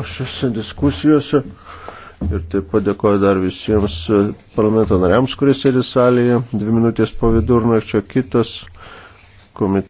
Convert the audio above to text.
šiose diskusijose ir taip pat dėkoju dar visiems e, parlamento nariams, kurie sėdi salėje, dvi minutės po vidurnakčio kitas komitetas.